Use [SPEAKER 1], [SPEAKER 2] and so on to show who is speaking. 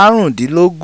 [SPEAKER 1] àrùndínlógún